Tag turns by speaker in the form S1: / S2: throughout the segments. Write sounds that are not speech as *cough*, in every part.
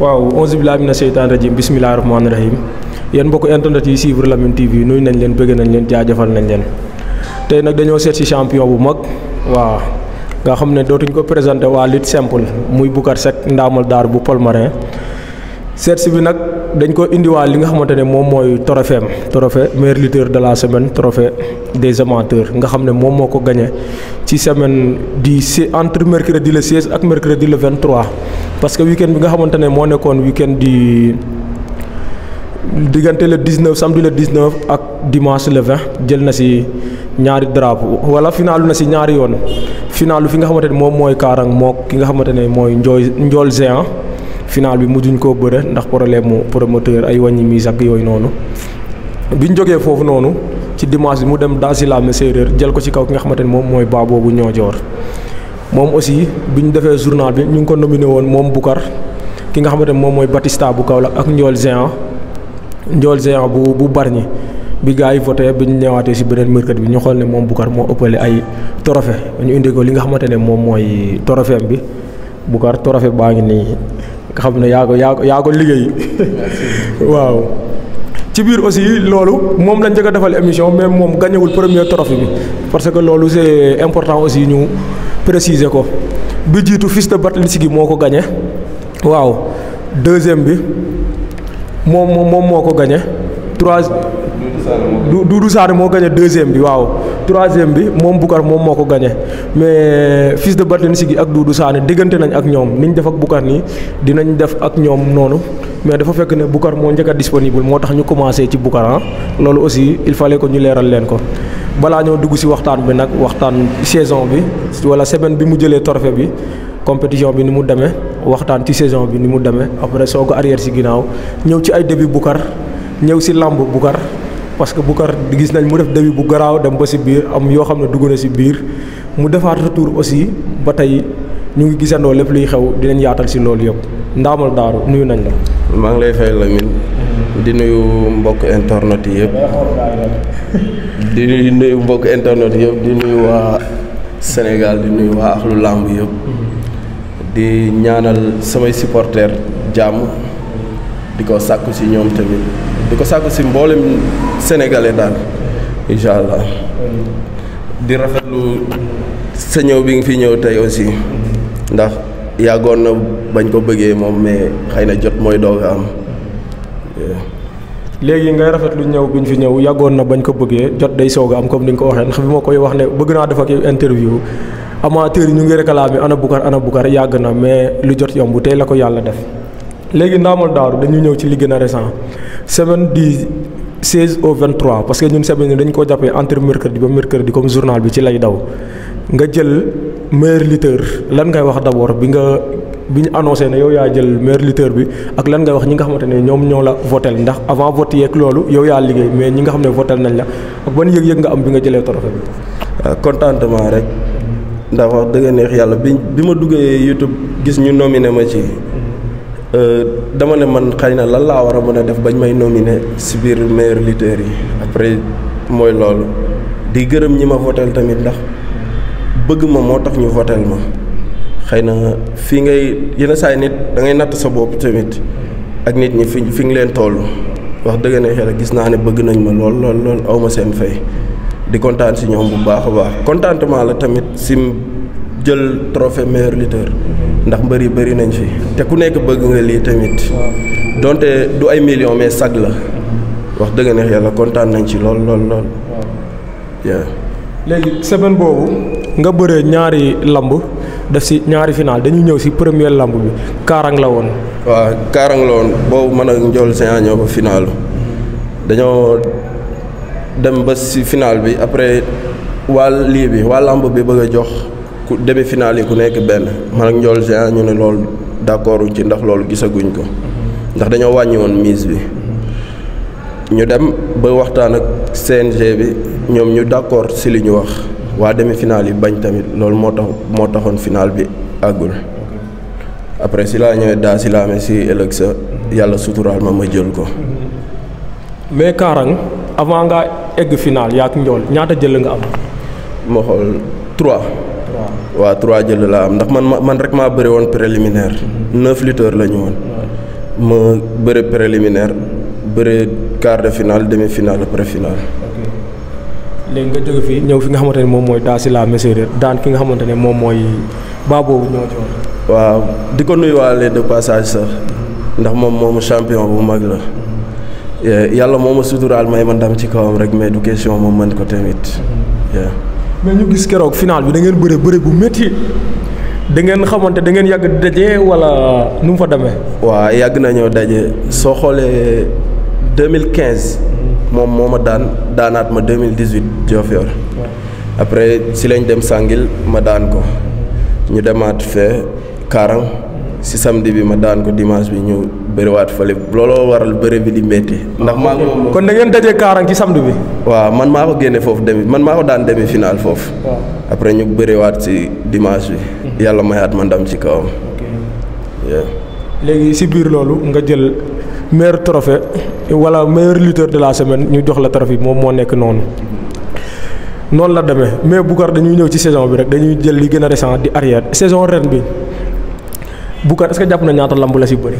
S1: waaw onze la mina seytaan rajim bisimilah rahmaani rahim yéen mbokk internet yi suivre Lamyn TV nuyu nañ leen bëgg nañ leen jaajëfal nañ leen tey nag dañoo seet si champion bu mag waaw nga xam ne dootuñ ko présenté waa lit simple muy Boucar Seck ndaamal daar bu Palmarin seet si bi nag. dañ ko indiwaat li nga xamante ne moom mooy trophée am trophée meilleur lutteur de la semaine trophée des amateurs nga xam ne moom moo ko gagné ci semaine di si entre mercredi le 16 ak mercredi le 23 parce que week-end bi nga xamante ne moo nekkoon week-end di diggante le 19 samedi le 19 ak dimanche le 20 jël na si ñaari drapeau wala finaalu na si ñaari yoon finaalu fi nga xamante ne moom mooy Kaarang moo ki nga xamante ne mooy Njool Njool Géant final bi mu mujjuñ koo bëre ndax problème mu promoteur ay wàññi mise ak yooyu noonu ñu jógee foofu noonu ci dimanche bi mu dem Daasilaame séeréer jël ko ci kaw ki nga xamante ni moom mooy baa boobu ñoojoor moom aussi bi ñu defee journal bi ñu ngi ko nominé woon moom Bukar ki nga xamante ni moom mooy Batista bu Kaolack ak Ndiol Géant Ndiol Géant bu bu Bargny bi gars yi voté bi ñu ñëwaatee si beneen mercredi bi ñu xool ne moom Bukar moo ëppale ay trophée ñu indi ko li nga xamante ne moom mooy trophée bi Bukar trophée baa ngi nii nga xam ne yaa ko yaa ko liggéey *laughs* waaw. ci biir aussi loolu moom lañ njëkk a defal émission mais moom gañewul premier trophée bi parce que loolu c'est important aussi ñu préciser ko bi jiitu fils de Batlinski moo ko gañe waaw deuxième bi moom moom moo ko gañe trois du Sané moo gañe deuxième bi waaw troisième bi mom bukar mom moko gagné mais fils de sigi ak Doudou Sané digënté nañ ak ñom niñ def ak bukar ni dinañ def ak ñom nonu mais dafa fekk né bukar mo njëkk disponible motax ñu commencé ci bukar han ah lolu aussi il fallait ko ñu léral lén ko bala ñoo dugg si waxtaan bi nak waxtaan saison bi wala semaine bi mu jëlé trophée bi compétition bi ni mu démé waxtaan ci saison bi ni mu démé après soo arrière ci ginaaw ñëw ci ay début bukar ñëw ci lamb bukar parce que Boucar gis nañ mu def début bu graw dem ba ci biir am yo xamne ne dugg na si biir mu defaat retour aussi ba tey ñu ngi gisandoo lepp luy xew dinañ yaatal si lool yop ndamal daaru nuyu nañ la.
S2: ma ngi lay fay lamin di nuyu mbokk internet yëpp di nuyu mbokk internet yëpp di nuyu wa senegal di nuyu wa akhlu lamb di ñaanal samay supporter jàmm di sakku ci si tamit. di ko sàkku si mboolem sénégalais daal incha allah di rafetlu sa ñëw bi nga fi ñëw tey aussi ndax yàggoon na bañ ko bëggee moom mais xay na jot mooy doog a am.
S1: léegi ngay rafetlu ñëw bi ñu fi ñëw yàggoon na bañ ko bëggee jot day soog a am comme ni nga ko waxee ndax bi ma koy wax ne bëgg naa def ak yow interview amateur yi ñu ngi réclamé ana Boucar ana Boucar yàgg na mais lu jot yomb tey la ko yàlla def. léegi ndaamal daaru dañu ñëw ci li na a récent semaine du 16 au 23 parce que ñun semaine dañ koo jàppee entre mercredi ba mercredi comme journal bi ci lay daw nga jël meilleur lutteur lan ngay wax d'abord bi nga bi ñu annoncé ne yow yaa jël meilleur lutteur bi ak lan ngay wax ñi nga xamante ne ñoom ñoo la votel ndax avant vote yeeg loolu yow yaa liggéey mais ñi nga xam ne votel nañ la ak ban yëg-yëg nga am bi nga jëlee trophée bi.
S2: Ah, contentement rek ndax wax neex yàlla bi bi ma duggee YouTube gis ñu nominé ma ci. Euh, dama ne man xëy na lan laa war a mën a def bañ may nominé si biir meilleurs lutteurs yi après mooy loolu di gërëm ñi ma votel tamit ndax bëgg ma moo tax ñu votel ma xëy na fii ngay yenn saa nit dangay natt sa bopp tamit ak nit ñi fi fi ngi leen toll wax dëgg ne xel gis naa ne bëgg nañ ma lool lool lool awma seen fay di kontaan si ñoom bu baax a baax contentement la tamit si jël trophée meilleur lutteur ndax mbeuri beuri nañ fi té ku nekk bëgg nga li tamit donté du ay millions mais sag la wax deug neex yalla contane nañ ci lool lool lool. waaw
S1: légui semaine bobu nga bëree ñaari lamb def ci ñaari final dañu ñëw si premier lamb
S2: bi karang la won wa karang la won bobu man ak Ndiol Sénégal ñoo ko final daño dem ba ci final bi après wal li bi wal lamb bi bëgg jox ku début final yi ku nek ben man ak njool géant ñu ne lool d'accordu ci ndax lool gisaguñ ko ndax dañu wañi won mise bi ñu dem ba waxtaan ak CNG bi ñom ñu d'accord ci li ñu wax wa demi final yi bañ tamit lool mo tax final bi agul, après si laa ñëwee daa si laa amee si ëllëg sa yàlla ma ma jël ko.
S1: mais karang, avant nga egg final yaa ñol ñaata jël nga am.
S2: ma xol 3 wa 3 jël la am ndax man man rek ma beure won préliminaire 9 litres lañu won ma beure préliminaire beure quart de finale demi finale pré finale
S1: léegi nga jóge fi ñew fi nga xamante mom moy da daa si la meséréer daan ki nga xamante mom moy mooy baa ñoo ci woon
S2: waaw di ko nuyuwaale de passage sa ndax mom mom champion bu mag la eh, yalla moma sutural may man dam ci kawam rek mais du question mom man ko tamit mhm. yeah
S1: mais ñu gis kérok final bi da ngeen bëre bëre bu metti da ngeen xamanté da ngeen yag dajé
S2: wala nu fa démé wa yag nañu dajé so xolé 2015 mom moma daan daanat ma 2018 yor après si lañ dem sangil ma daan ko ñu démat fé Karang si samedi bi ma daan ko dimanche bi ñëw bëriwaat fële looloo waral bëri bi di métti. ndax maa ngi kon da ngeen dajee kaaraan ci samedi bi. waa man maa ko génne foofu demi man maa ko daan demi final foofu. après ñu bëriwaat si dimanche bi. Mhm. yàlla mayaat ma ndam ci kawam.
S1: léegi si biir loolu nga jël meilleur trophée wala maire lutteur de la semaine ñu jox la trophée moom moo nekk noonu. noonu la demee mais Boucar dañuy ñëw ci saison bi rek dañuy jël li gën a récent di arrière saison ren bi. Bukan est ce que jàpp na ñaata lamb la ci bëri.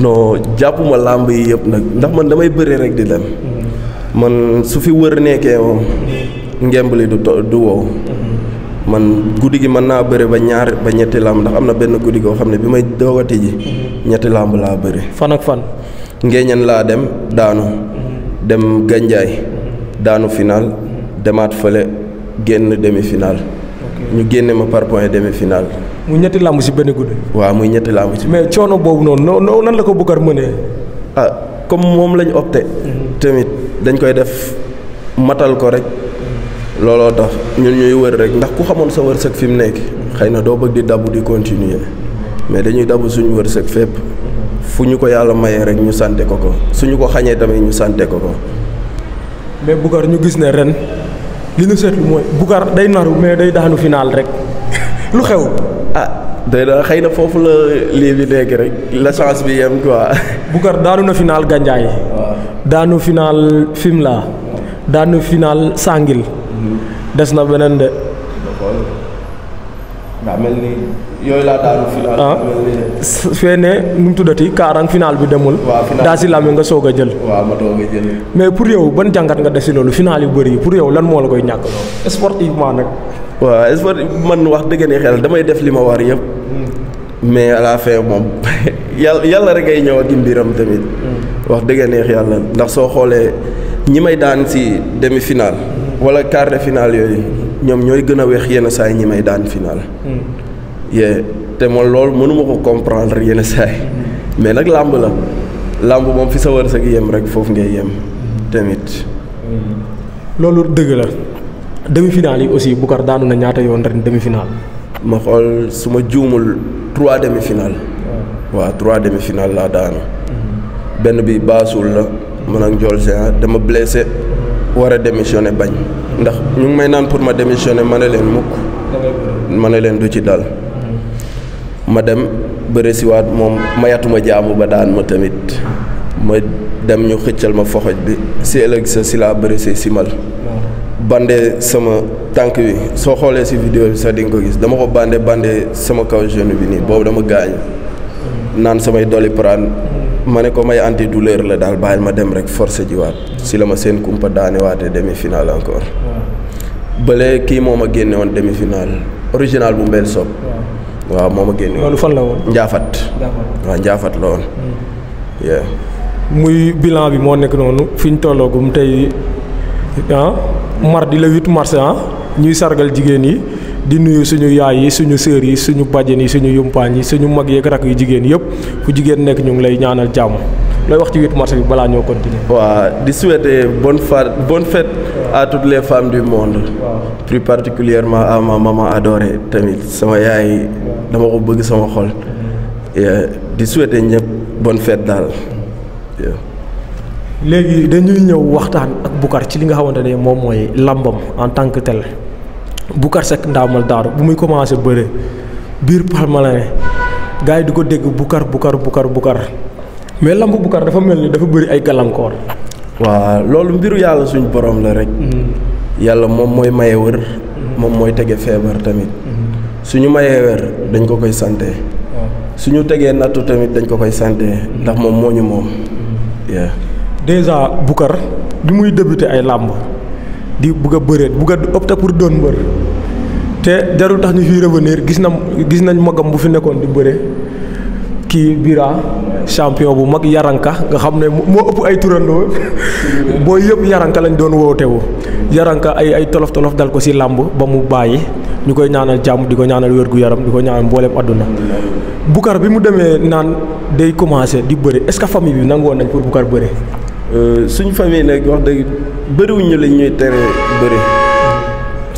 S2: non jappuma lamb yi yëpp nak ndax man damay bëri rek di dem. man su fi wër neké mom ngemb li du du wo man guddigi gi na naa ba ñaar ba ñetti lamb ndax amna na benn guddi goo xam ne bi ji. ñetti lamb la bëri. fan ak fan. ngeñan la dem daanu. Mhm. dem ganjay daanu final mhm. Demat fele genn demi final. ñu genné ma par point demi final. mu
S1: ñetti làmb si benn
S2: guddi. waaw muy ñetti làmb si. mais coono boobu noonu noo nan la ko bëgg a mënee. ah comme moom lañ opté. Mm-hmm. tamit dañ koy def matal ko rek. looloo tax ñu ñuy wër rek ndax ku xamoon sa wërsëg fi mu nekk xëy na doo bëgg di dabb di continuer mais dañuy dabb suñu wërsëg fépp fu ñu ko yàlla maye rek ñu sante ko ko suñu ko xañee tamit ñu sante ko ko.
S1: mais Boucar ñu gis ne ren li ñu seetlu mooy Boucar day naru mais day daanu final rek.
S2: lu xew ah day na xëy foofu la lii bi nekk rek la chance bi yem quoi. Boucar daanu na final Gandiaye.
S1: daanu final Fimela. daanu final Sangil. Mhm. des na beneen de.
S2: yooyu laa daanu ah. final
S1: ah fee ne nu mu tuddati kaarang final bi demul daa si lame nga soog a jël waaw ma doog a jël mais pour yow ban jàngat nga def si loolu final yu bëri yi pour yow lan moo la koy ñàkk sportivement
S2: nag waaw sport man wax dëgg ne xel damay def li ma war yëpp hmm. mais à la fin moom *laughs* yàlla yàlla rek ay ñëw ak mbiram tamit hmm. wax dëgg neex yàlla ndax soo xoolee ñi may daan si demi final hmm. wala quart de final yooyu ñoom ñooy gën a weex yenn ñi may daan final yee te ma loolu mënuma ko comprendre yenn saay mais nag làmb la làmb moom fi sa sag yem rek foofu ngay yem tamit. Hmm.
S1: loolu dëgg la demi-finale yi aussi Boucar daanu na ñaata yoon rek demi-finale.
S2: ma xool su ma juumul trois demi-finale.
S1: Hmm.
S2: waa trois demi finaal laa daanu. Hmm. benn bi baasul la man ak Ndiol Géant dama blessé war a démissionné bañ ndax ñu ngi may naan pour ma démissionné ma ne leen mukk ma ne leen du ci dal. ma dem wat mom mayatuma jaamu ba daan ma tamit ma dem ñu xëccal ma foxoj bi si ëllëg sa si laa simal bandé sama tank bi so xolé ci vidéo bi sax di nga gis dama ko bandé bandé sama kaw jeune bi ni bobu dama gañ nan samay doli pran mané ko may anti douleur la dal bayil ma dem rek forcé ji wat si lama sen kumpa dané waté demi final encore balé ki moma génné won demi final original bu mbel sop wa moma genn lolou fan la won njaafat wa njaafat la woon hmm. yeah muy bilan bi mo nek
S1: nonu fiñ ñu tolloogum tey ah mardi le 8 mars han ah, ñuy sargal jigen yi di nuyu suñu yaay yi suñu sœur yi suñu bàjjen yi suñu yumpañ yi suñu mag ak rak yi jigen yëpp ku jigen nek ñu ngi lay ñaanal jamm loy wax ci 8 mars bi bala ñoo continuer wa
S2: di souhaiter bonne fête bonne fête à toutes les femmes du monde plus particulièrement à ma maman adorée tamit sama yaay dama ko bëgg sama xol mm-hmm. di souhaiter ñep bonne fête daal
S1: légui dañuy ñëw waxtaan ak bukar ci li nga xamantene mom moy lambam en tant que tel bukar Seck ndaamal daaru bu muy commencer beure bir palmalane gars du ko dégg bukar bukar bukar bukar mais lamb bu kar dafa mel ni dafa bëri ay gàllankoor.
S2: waa loolu mbiru yàlla suñu borom la rek. Mm-hmm. yàlla moom mooy maye wër. Mm-hmm. moom mooy tege feebar tamit. Mm-hmm. suñu mayee wër dañ ko koy sante suñu tegee nattu tamit dañ ko koy sante ndax moom moo ñu moom. déjà
S1: Boucar bi muy débuté ay làmb di bugg a bëreet bugg a pour doon mbër te jarul tax ñu fiy revenir gis na gis nañ magam bu fi nekkoon di bëre kii Bira champion bu mag yaranka nga xam ne moo ëpp ay turandoo boo yëpp yaranka lañ doon wootewu yaranka ay ay tolof tolof dal ko si làmb ba mu bàyyi ñu koy ñaanal jàmm di ko ñaanal wér-gu-yaram di ko ñaanal mbooleem àdduna Boucar bi mu demee naan day commencé di bëre est-ce que famille bi nangoon nañ pour Boucar bëre.
S2: Euh, suñu famille nag wax dëgg bëriwuñu lañ ñuy tere bëre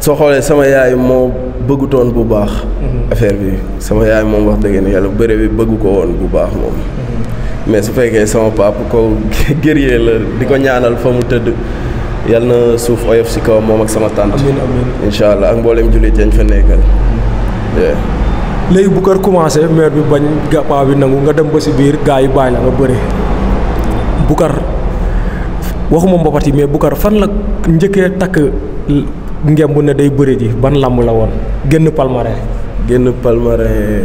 S2: soo xoolee sama yaay moo. bëggutoon bu baax. Mhm. affaire bi sama yaay moom wax dëgg ne yàlla bëre bi bëggu ko woon bu baax moom. Mhm. mais su fekkee sama papa ko *laughs* guerrier la di ko ñaanal fa mu tëdd yàlla na suuf oyof si kaw moom ak sama tante. amiin ang incha allah ak mboolem julit yañ fa nekkal. Mhm.
S1: léegi bu kër commencé maire bi bañ gàppaa bi nangu nga dem ba si biir gars yi bàyyi la nga bu Boucar waxuma mbopati mais bu Boucar fan la njëkkee takk ngemb na day bëri di ban lamb la woon génn palmarin.
S2: génn palmarin.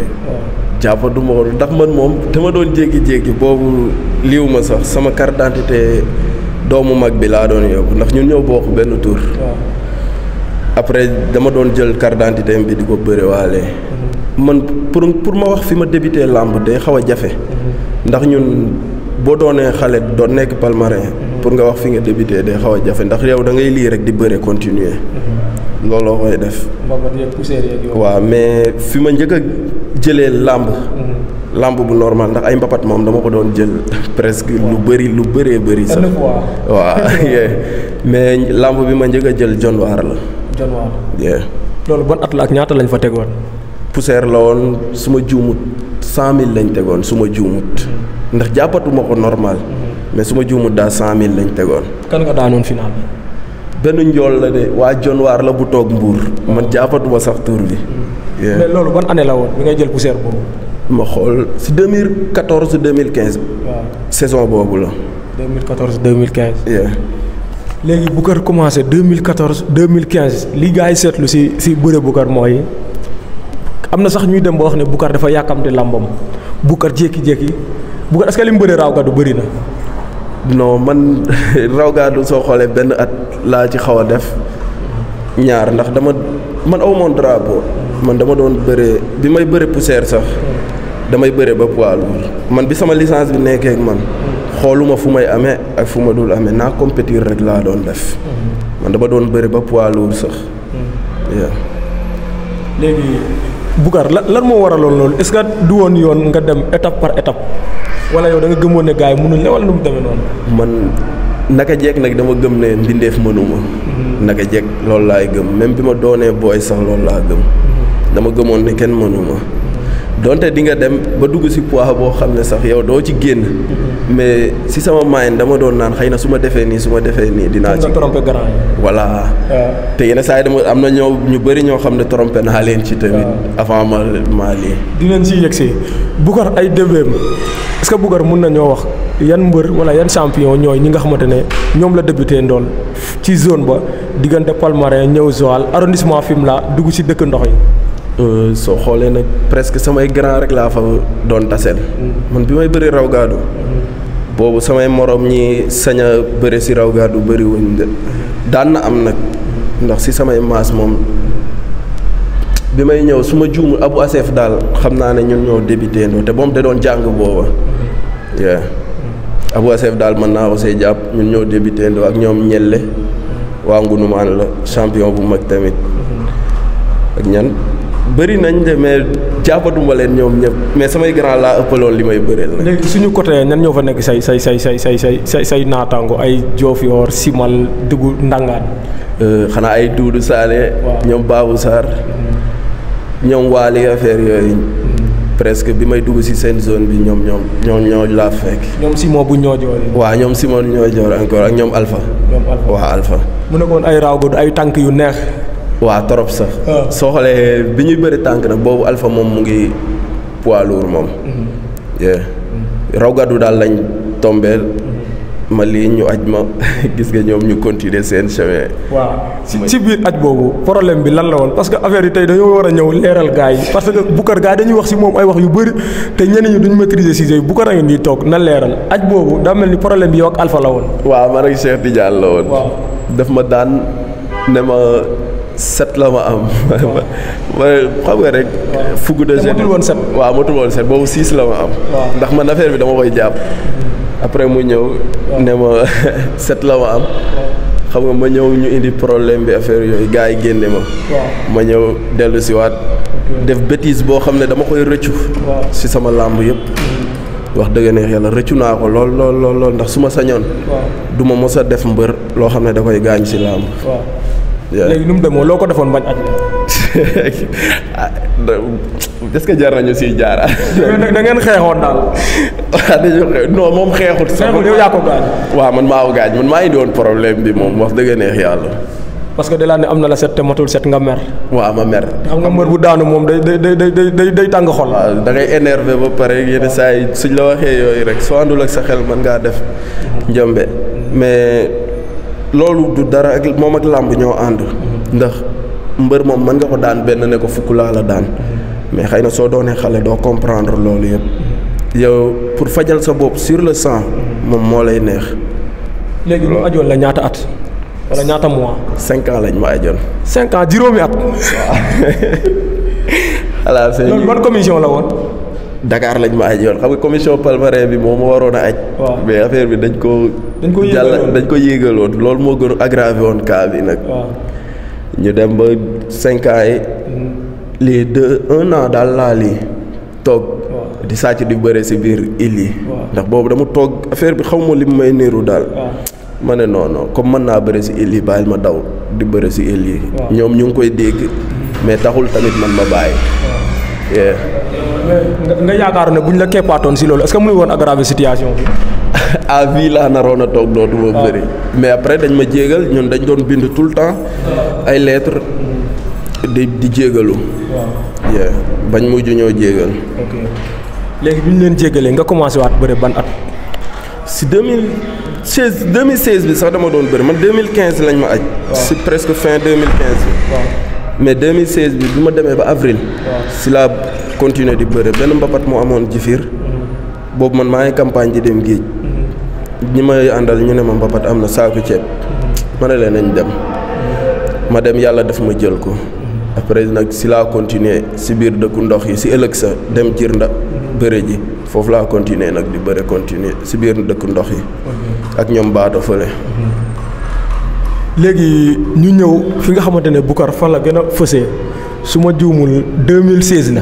S2: jàppatuma ko ndax man moom te ma doon jékki jékki boobu liiw ma sax sama carte doomu mag bi laa doon yóbbu ndax ñun ñoo bokk benn tour après dama doon jël carte d'identité bi di ko bëriwaale. Mm-hmm. man pour pour ma wax fi ma débuté làmb day xaw a jafe. Mm-hmm. ndax ñun boo doonee xale doon nekk palmarin. pour nga wax fi nga débuté day xaw a jafe ndax yow da ngay rek di continue. continuer mhm. looloo koy def waaw mais fi ma njëkk a jëlee lamb mhm. bu normal ndax ay mbapat moom dama ko doon jël *laughs* presque lu bari lu bëree bëri sax waaw *laughs* mais lamb bi ma njëkk a jël John Waar la John Waar yeah. loolu bon at la ak ñaata lañ fa tegoon poussière la woon suma juumut 100000 lañ suma mhm. ndax normal mm -hmm mais suma juumut da 100000 lañ tégon kan nga daanon final bi ben njool la dé wa jon war la bu tok mbuur man jàppatuma sax tour bi mais lolu ban année la
S1: won mi ngay jël poussière boobu
S2: ma xol ci 2014 2015 saison bobu la 2014 2015 yeah.
S1: bu Boucar commencé 2014 2015 li gaay yi ci si si bëre Boucar mooy am Amna sax ñuy dem bo wax ne Boucar dafa bu làmbam
S2: jeki jeki. bu Boucar est ce que lim mu raw ga du bëri na non man *laughs* raw gaadu soo xoolee benn at laa ci xaw a def ñaar ndax dama man aw drapeau man dama doon bëre bi may bëre poussière sax damay bëre ba poids lourd man bi sama licence bi nekkee ak man xooluma fu may amee ak fu ma dul ame naa compétir rek laa doon def man dama doon bëre ba poids lourd sax waaw léegi Boucar lan lan moo waraloon loolu est-ce que du woon yoon nga
S1: dem étape par étape wala yow da nga gëmoon ne gars yi mënuñ la wala nu mu demee noonu.
S2: man naka jekk nag dama gëm ne mbindeef mënuma mhm. naka jekk loolu laay gëm même bi ma doonee booy sax loolu laa gëm. Mhm. dama gëmoon ne kenn mënuma donte di nga dem ba dugg si poids boo xam ne sax yow doo ci génn. Mm-hmm. mais si sama main dama doon naan xëy na su ma defee nii su ma defee nii. dinaa ci trompé grand yi. voilà te yenn saa yi am na ñoo ñu bëri ñoo xam ne trompé naa leen ci tamit. avant ma maa lii. dinañ si yegg si Boucar
S1: ay débéem est-ce mun na ñoo wax yan mbër wala yan champion ñooy ñi nga xamante ne ñoom la débuté ndool ci zone ba diggante Palmarin ñëw Joal arrondissement Fimela
S2: dugg si dëkk ndox yi. Euh, soo xoolee nag presque samay grand rek laa fa doon taseel. Mm. man bi may bëri raw gaadu. Mm. boobu samay moroom ñi sañ a bëri si raw gaadu bu wuñ de daan na am nag ndax si samay maas moom bi may ñëw suma ma abu aseef daal xam naa ne ñun ñoo débuté te moom da doon jàng booba. waaw mm-hmm. mm-hmm. abu aseef daal mën naa ko jàpp ñun ñoo débuté ak ñoom ñelle mm-hmm. waa ngunumaan la champion bu mag tamit ak ñan. bari nañ de mais jabatuma len ñom ñep mais samay grand la ëpp lool limay beurel nak
S1: legi suñu côté ñan ñofa nek say say say say say say say say natango ay
S2: jof yor simal dugu ndangaat euh xana ay dudu salé ñom babu sar ñom wali affaire yoy mm-hmm. presque bi may dugg ci sen zone bi ñom ñom ñom ñoo la fek ñom simo bu ñoo jor wa ñom simo ñoo jor encore ak ñom alpha ñom alpha wa alpha mu ne ay raw ay tank yu neex waaw trop sa ah. soo xoolee bi ñuy bëri tànk nag boobu Alpha moom mu ngi poids lourd moom.
S1: Mm-hmm.
S2: Mm-hmm. raw gàddu daal lañ tombeel mm-hmm. ma lii ñu aj ma *laughs* gis nga ñoom ñu continuer seen chemin.
S1: waaw ci ci biir aj boobu problème bi lan la woon parce que affaire yi tey dañoo war a ñëw leeral gars yi parce que Boucar gars yi dañuy wax si moom ay wax yu bëri te ñeneen ñi duñ maîtriser si yooyu Boucar a ngi nii toog na leeral aj boobu daa mel ni problème bi yow ak Alpha la woon.
S2: waaw man ak Cheikh Tidiane la woon. waaw ma daan set la ma am *laughs* xam nga rek fugu de jeune won set wa motul won set bo six la ma am ndax man affaire bi dama koy japp après mu ñew ne ma *laughs* set la ma am xam nga ma ñew ñu indi problème bi affaire yoy gaay yi ma ma ñew delu si waat def bêtise bo xam ne dama koy reccu ci sama lamb yep mm. wax deug neex yalla reccu na ko lol lol lol ndax suma sañon duma mësa def mbeur lo xamne da koy gañ ci lamb léegi
S1: nu mu demoo loo ko defoon bañ aj
S2: *laughs* est-ce que jar nañu siy jaar. *laughs* da ngeen xeexoon daal. non moom xeexut. xeexut yow yaa ko gaañ. waaw man maa ko man maa indi woon problème bi moom wax dëgg neex yàlla.
S1: parce que dalaa ne am la set matul set nga mer.
S2: waaw ma mer. am nga mër bu daanu moom day day day day day tàng xol. waaw da ngay énervé ba pare yenn suñ la waxee yooyu rek soo àndul sa xel mën ngaa def. njombe mais. loolu du dara ak moom ak làmb ñoo ànd ndax mbër moom mën nga ko daan benn ne ko fukk laa la daan mais xëy na soo doonee xale doo comprendre loolu yëpp yow pour fajal sa bopp sur le sang moom moo lay neex.
S1: léegi ñu ajoon la ñaata at. wala ñaata mois.
S2: cinq ans lañ ma ajoon.
S1: cinq ans juróomi at. waaw. *laughs*
S2: voilà c'est loolu la woon. Dakar lañ ma aj yoon xam nga commission palmarin bi moo ma waroon a aj mais affaire bi dañ ko jàll dañ ko yéegaloon loolu moo gën a woon cas bi nag ñu dem ba cinq ans yi mm-hmm. les deux un daal laa lii toog di sàcc di bëre si biir île yi ndax boobu dama toog affaire bi xaw ma li may niru daal ma ne non non comme mën naa bëre si île yi bàyyil ma daw di bëre si île yi ñoom ñu ngi koy dégg mm-hmm. mais taxul tamit man ma bàyyi
S1: nga yaakaar ne buñ la
S2: keppaatoon si loolu est-ce que mënu woon aggraver situation bi. à *laughs* vie ah, laa naroon a toog dootuma ah. bëri. mais après dañ ma jéegal ñun dañ doon bind tout le temps. ay lettres di di jéegalu. Ah. bañ mujj ñoo jéegal. ok bu bi ñu leen jéegalee nga commencé waat bëri ban at. si 2016 2016 bi sax dama doon bëri man 2015 lañ ma aj. si presque fin 2015 bi. mais 2016 bi bi ma demee ba avril. si laa continuer di bëre ben mbapat mo amone jifir bobu man maay campagne di dem geej ñi may àndal ñu ne ma mbapat amna saaku ceeb ma dem ma dem yalla daf ma jël ko après nak si la continuer si de ku ndox yi si ëllëg sa dem jir nda bëre ji fofu la continuer nag di beure continuer si de ku ndox yi ak ba do fele
S1: léegi ñu ñew fi nga xamantene ne Boucar la gëna fessé suma diumul 2016 na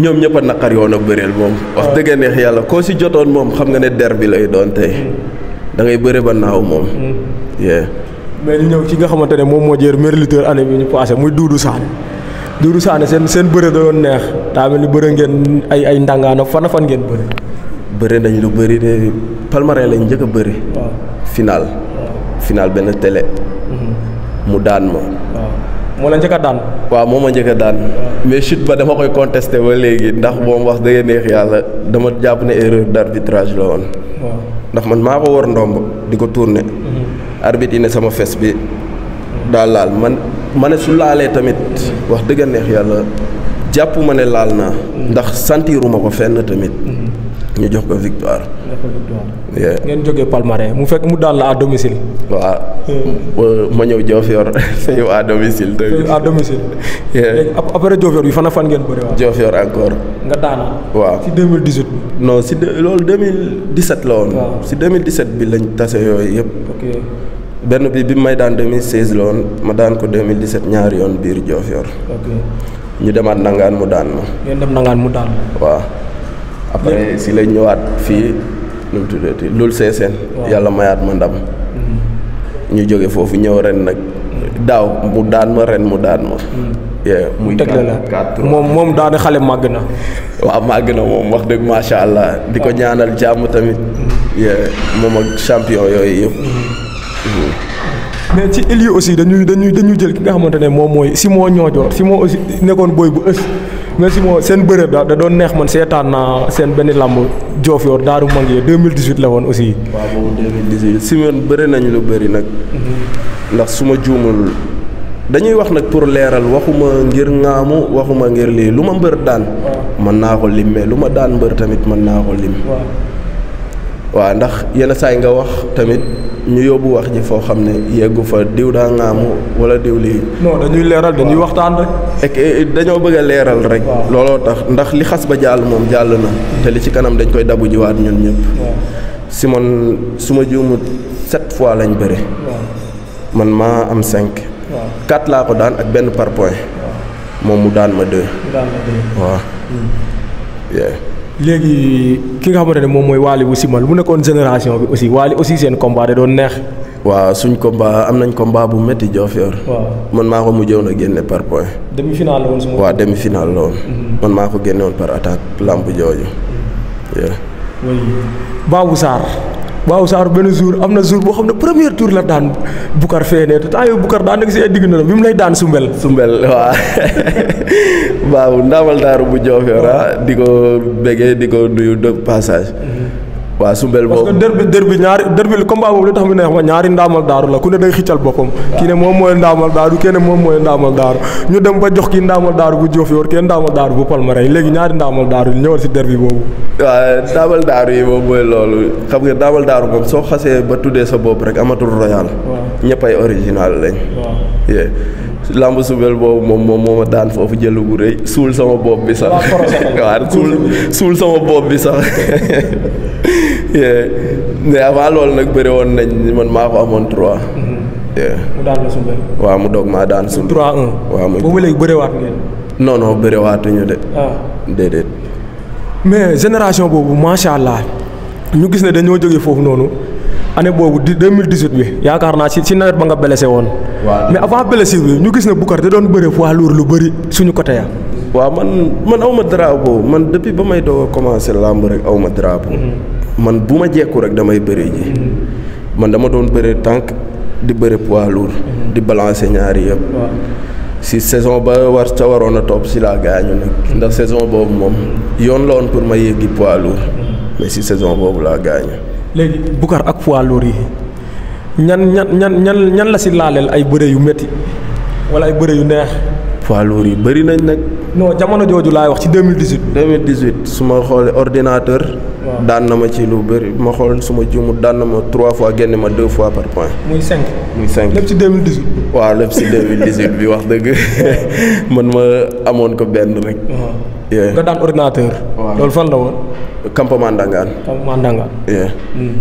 S2: ñom ñepp nakar yoon ak bërel mom wax deug neex yalla ko si jotoon mom, xam nga ne der lay doon tay hmm. da ngay bëre ba naaw mom hmm. yeah
S1: mais ñew ci nga xamantene mom mo jër meilleur lutteur année bi ñu passé muy Doudou Sane Doudou Sane sen sen bëre da doon neex ta melni bëre ngeen ay ay
S2: ndangaan fan fan ngeen bëre bëre nañ lu bëri de palmarin lañ jëk a bëre final final ben télé hmm. mu daan mo moo la daan. waaw moo ma njëkk a daan mais chute ba dama koy contesté ba léegi ndax moom wax dëgg neex yàlla dama jàpp ne erreur d' arbitrage la woon. ndax man maa ko war ndomb di ko tourné. Mhm. arbitre yi ne sama fes bi daal laal man ma ne su laalee tamit wax dëgg neex yàlla jàpp ma ne laal naa. Mhm. ndax santiruma ko fenn tamit. Mhm. ñu jox ko victoire
S1: ngeen joggé palmaré mu
S2: fekk mu dal à domicile wa ma jof yor feyu à domicile feyu à domicile après jofior bi fana fan ngeen wa jof yor encore nga daana wa ci 2018 non si lool 2017 la woon si 2017 bi lañ yoy yooyu ok benn bi bi may daan 2016 la woon ma daan ko 2017 ñaar yoon biir ok ñu demat nangaan mu daan ma
S1: ngeen dem nangaan mu daan
S2: wa après si lay ñëwaat fii nu mu tuddati lul seeseen yàlla mayaat ma ndam mm-hmm. ñu jóge foofu ñëw ren nag daaw mu daan ma ren mu daan ma mm-hmm. muy tegle la moom moom daane xale màgg na waaw màgg na moom wax dëgg macha allah di ko ñaanal jàmm tamit mm-hmm. moom ak champion yooyu yëpp
S1: mais ci il yi aussi dañuy dañuy dañuy jël ki nga xamante ne moom mooy si Simon ñoojoor Simon aussi nekkoon booy bu ës merci moo seen bëre da da doon neex man seetaan na seen benn làmb joof yoor daaru mag yi 2018 la woon aussi.
S2: waaw boobu si man bëri nañ lu bëri nag. Mm-hmm. ndax su ma juumul dañuy wax nag pour leeral waxuma ngir ŋaamu waxuma ngir lii lu ma mbër daan. mën naa ko lime lu ma daan mbër tamit mën naa ko lim. waaw ndax yenn saay nga wax tamit ñu yóbbu wax ji foo xam ne yeggu fa diw daa ngaamu wala diw lii. non dañuy leeral dañuy waxtaan rek. ek eh, eh, dañoo bëgg a leeral rek. looloo tax ndax li xas ba jàll moom jàll na. te li ci kanam dañ koy dabu jiwaat ñun ñëpp. Simon su ma juumut sept fois lañ bëre. man maa am cinq. quatre laa ko daan ak benn par point. moom mu daan ma deux.
S1: mu
S2: léegi ki nga xamante ne moom mooy Waly bu Simal mu nekkoon génération bi aussi Waly aussi seen combat da doon neex. waa suñ ko combat am nañ ko mbaa bu métti Diofior. waaw man maa ko mujjoon a génne par point.
S1: demi final la woon suma. waaw
S2: demi final la woon. Mm-hmm. man maa ko génne woon par attaque lamb jooju. Mm-hmm.
S1: oui Babou waaw Saar benn jour am na jour boo xam ne premier tour la daan Boucar feenee te temps yooyu Boucar daan nekk si ay digg na bi mu lay daan sumbel
S2: sumbel waaw *laughs* waaw ndaamal daaru bu Diofior ah, di ko béggee di ko nuyu de passage mm-hmm. waa sumbel boobu parce
S1: que dër bi dër bi ñaari dër bi combat boobu li tax mu neex ma ñaari ndaamal daaru la ku ne day xiccal boppam kii ne moom mooy ndaamal daaru kii ne moom mooy ndaamal daaru ñu dem ba jox kii ndaamal daaru bu joof yoor kii ndaamal daaru bu palmarin léegi ñaari ndaamal daaru ñëwal si dër bi boobu
S2: waaw ndaamal daaru yi moom mooy loolu xam nga ndaamal daaru moom soo xasee ba tuddee sa bopp rek amatul royal ñëpp ay original lañ lamb subel boobu moom moom moo ma daan foofu jëlu bu rëy suul sama bopp bi sax waaw *laughs* suul suul sama bopp bi sax *laughs* mais avant loolu nag bëri woon nañ man maa ko amoon trois. Mhm.
S1: mu
S2: waaw mu doog maa daan sumbe. 3-1. waaw muy boobu léegi bëriwaat ngeen. non non bëriwaatuñu de. waaw ah. déedéet.
S1: mais génération boobu macha allah ñu gis ne dañoo jógee foofu noonu année boobu di 2018 bi yaakaar naa si si nawet ba nga blessé woon. mais avant blessure bi ñu gis ne Boucar da doon bëre poids lourd lu bëri suñu côté ya.
S2: waaw man man awma boobu man depuis ba may doog a commencé làmb rek awma drapeau. Mhm. man bu ma jekku rek damay bëre ji man dama doon bëre tànk di bëre poids lourd di balancer ñaari yëpp si saison ba war sa waroon a topp si laa gaañu nag ndax saison boobu moom yoon la woon pour ma yéegi poids lourd mais si saison boobu laa gaañu
S1: léegi Boucar ak poids lourd yi ñan ñan ñan ñan ñan la si laaleel ay bëre yu métti wala ay bëre yu
S2: neex. poids lourd yi bëri nañ nag. non jamono jooju laay wax ci 2018. 2018 su ma xoolee ordinateur. daan na ma ci lu bëri ma xool su ma juumut daan na ma trois fois génne ma deux fois par point. muy cinq. muy cinq lépp ci 2018. waaw lépp ci 2018 bi wax dëgg *laughs* man ma amoon ko benn rek. nga
S1: daan ordinateur. loolu fan
S2: la woon. campement Ndangaan. campement Ndangaan. Hmm.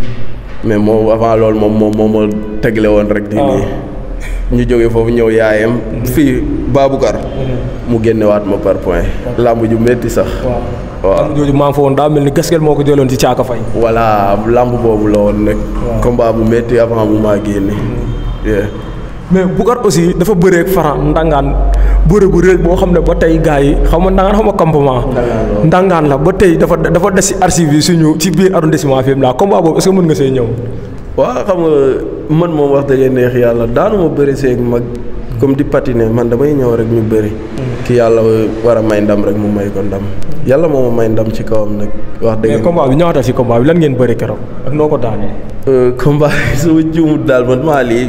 S2: mais moom avant loolu moom moom ma tegle woon rek. di ah. ñu joggé fofu ñew yaayam fi babukar mu génné génnewaat ma par point lamb ju metti sax waaw lamb joju ma fa woon daa mel gaskel moko ko ci tiaka fay wala lamb bobu la won nek combat bu metti avant bu ma génné génne hmm.
S1: mais bukar aussi dafa bëre ak Faran ndangan beure bu rëy bo xamne ba tay gaay yi ndangan ma campement ndangan la ba tay dafa dafa dess ci archive suñu ci biir arrondissement fi la combat bobu est ce que mën nga sey ñew
S2: wa xam nga man moom wax dëgg neex yàlla daanuma bëri seeg mag comme di patiner man damay ñëw rek ñu bëri. Mm. ki yàlla war a may ndam rek mu may ko ndam. yàlla moo ma may ndam ci kawam nag. wax dëgg mais combat
S1: bi ñëwaata si combat bi lan ngeen bëri keroog ak noo ko daanee.
S2: Euh, combat bi sama juumut daal man maa lii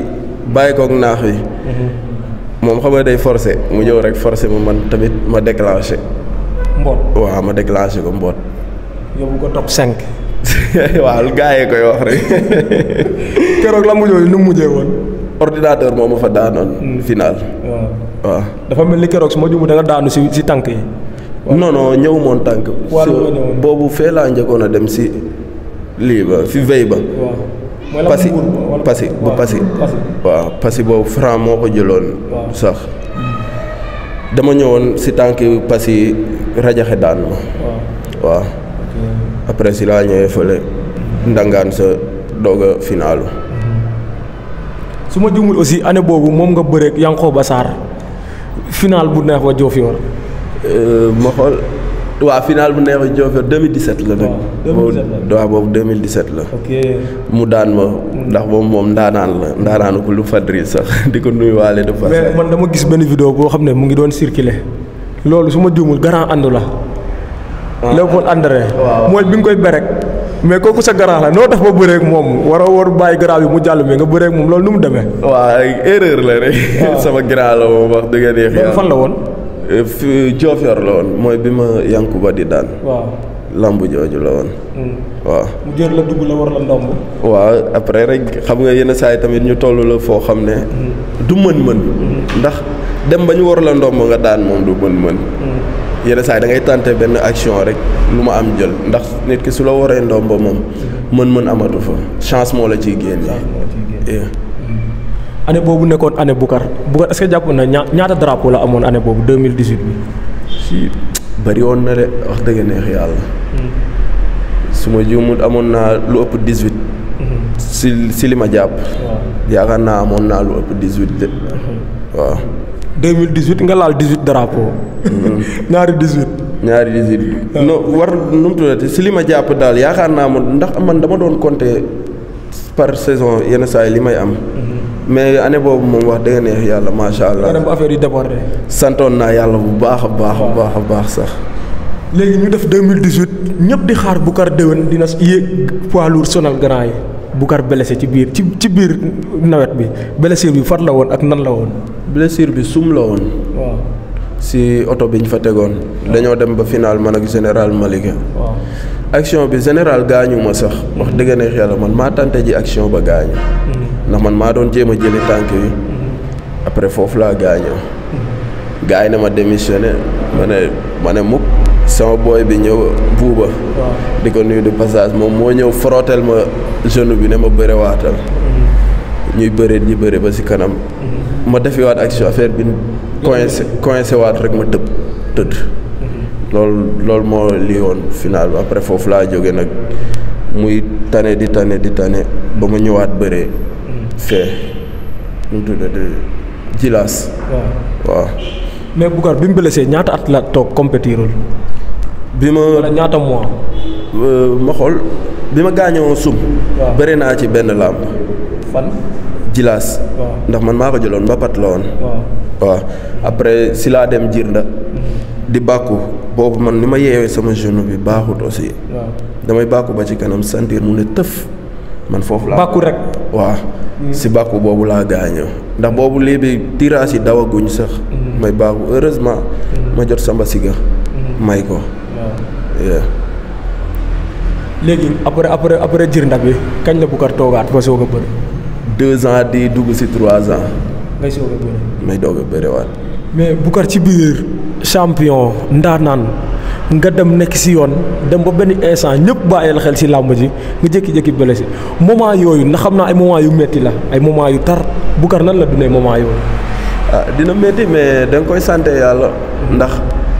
S2: bàyyi naax wi. Mm-hmm. moom xam nga day forcé mu ñëw rek forcé mu man tamit ma déclenché. mboot waaw ma déclenché ko mboot. ko top 5. *laughs* waaw gaa yee koy wax rek.
S1: *laughs* keroog lamb yooyu nu mu mujjee woon.
S2: ordinateur moo ma fa daanoon. Hmm. final waaw. dafa mel ni keroog su ma juumee da daanu si si tànk yi. non non ñëw moon tànk. boobu fee laa a dem si lii ba si vey ba. waaw pasi bu pasi. waaw pasi boobu franc moo ko jëloon. sax dama ñëwoon si tànk pasi rajaxe daan ma. waaw. après si laa ñëwee fële ndangaan sa doog a finaalu
S1: su ma jumul aussi année boobu moom nga bëreeg Yankhoba Sarr
S2: final bu neex ba Diofior euh, ma xool waaw final bu neex ba Diofior 2017 la nag waaw boobu 2017 la mu daan ma ndax moom moom ndaanaan la ndaanaanu ko lu fadri sax di ko nuyuwaale de passage mais man
S1: dama gis benn vidéo boo xam ne mu ngi doon circuler loolu su ma juumul grand àndu la Ah. Léopold André moy bi ngoy koy berek mais koku sa garant la no tax ba bëreeg mom war a war bàyyi garant bi mu jallu mais nga bëreeg mom lolou numu mu
S2: wa erreur la rek ah. *laughs* sama garant la moom wax dëgg neex yàlla fan la woon Diofior la won moy bima yanku ba di daan wa lambu joju la won hmm. wa
S1: mu jël la dugg la war la ndomb
S2: wa après rek xam nga yene say tamit ñu tollu la fo xam hmm. du mën-mën hmm. ndax dem ba ñu war la ndomb nga daan mom du mën-mën yenn saa da ngay tenter ben action rek luma am jël ndax nit ki su la waree ndomba mom mën-mën amatu fa chance mo la ci génn ya
S1: ane bobu nekkoon ane bukar bukar est-ce que jàpp na ñaata drapeau la amone ane bobu 2018 bi
S2: si bari woon na re wax dëgg neex yalla mm-hmm. suma jumut amone na lu upp 18 mm-hmm. si si li ma jàpp yaakaar naa amoon lu upp 18 de mm-hmm. waaw deux 2018 nga laal 18 drapeau. Mm-hmm. ñaari 18. ñaari 18. war nu mu si li ma jàpp daal yaakaar naa ma ndax man dama doon compter par saison yenn saa yi li may am. Mm-hmm. mais année boobu moom wax dëgg neex yàlla macha allah.
S1: bu affaire yi débordé.
S2: santoon naa yàlla bu baax a baax a baax a baax sax.
S1: léegi ñu def 2018 ñëpp di xaar Boucar déwén dina yéeg poids lourd sonal grand yi. Boucar blessé ci biir ci ci biir nawet bi blessure bi far la woon ak nan la woon. blessure bi sum la woon.
S2: waaw oto bi ñu fa tegoon. dañoo dem ba final man ak général Malika. action bi général gaañu ma sax wax dëgg neex man maa tante ji action ba gaañu. Mm-hmm. ndax man maa doon jéem a jëli tànk yi. Mm-hmm. après foofu laa gaañoo. Mm-hmm. gars yi ne ma démissionné ma ne ma ne mukk sama booy bi ñëw buuba di ko nuyu du passage moom moo ñëw frotteel ma genou bi ne ma bëre waatal ñuy bëre ñi bëre ba ci kanam ma defi waat action affaire bi coincé mm-hmm. coincé waat rek ma teub teud mm-hmm. lol lol mo li won final après fofu la jóge nak muy tané di tané di tané ba ma ñëwaat bëree mm-hmm. fee nu de jilas wa waaw
S1: mais Boucar bi mu blessé ñaata at la toog compétirul bi ma wala ñaata mois
S2: euh ma xol bi ma won sum béré na ci ben lamb fan jilas ndax man mako jëlone ba mbapat la woon après si dem jirnda mhm. di baku, bobu man nima yewé sama genou bi baaxut aussi damay bàkku ba ci kanam sentir mu ne man fofu la bàkku rek wa mhm. si baku bobu la gañu ndax bobu lii bi tirage dawa dawaguñ sax mhm. may baaxu heureusement ma jot samba siga may ko
S1: legui après après après jirnda bi kagn la kar togaat ba so ko
S2: 2 ans di dugg ci 3 ans. ngay soog a bëre. may doga a wat
S1: mais kar ci biir champion nan nga dem nek ci yoon dem ba ben instant ñëpp bayel xel ci lamb ji nga jekki jekki blessé moment yoyu na xamna ay moment yu metti la ay moment yu tar
S2: kar nan la dune moment yoyu ah dina metti mais dang koy santé yalla mhm. ndax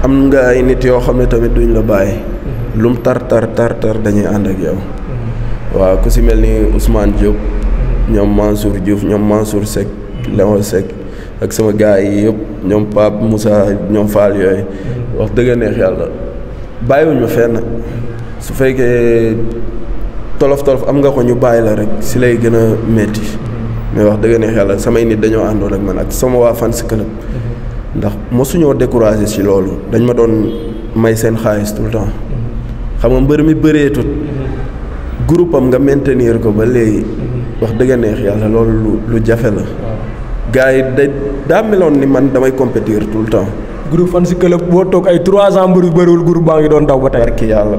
S2: am nga ay nit yo xam tamit duñ la baye mhm. lum tar tar tar tar dañuy and ak yow mhm. wa ku ci melni Ousmane Diop ñoom Mansour Diouf ñoom Mansour Seck Léon Seck ak sama gars yi yëpp ñoom Pape Moussa ñoom Fall yooyu wax dëgg neex yàlla bàyyiwuñu ma fenn su fekkee tolof tolof am nga ko ñu bàyyi la rek si lay gën a metti mais wax dëgg neex yàlla samay nit dañoo àndoon ak man ak sama waa fan si club ndax mosuñoo découragé si loolu dañ ma doon may seen xaalis tout le temps xam nga mbër mi bëreetut groupe am nga maintenir ko ba léegi. wax dëgg neex yàlla loolu lu lu jafe la. gars yi da daa meloon ni man damay compétir tout le temps. groupe fan si club boo toog ay trois ans mbëri bëriwul groupe baa ngi doon daw ba tey. barki yàlla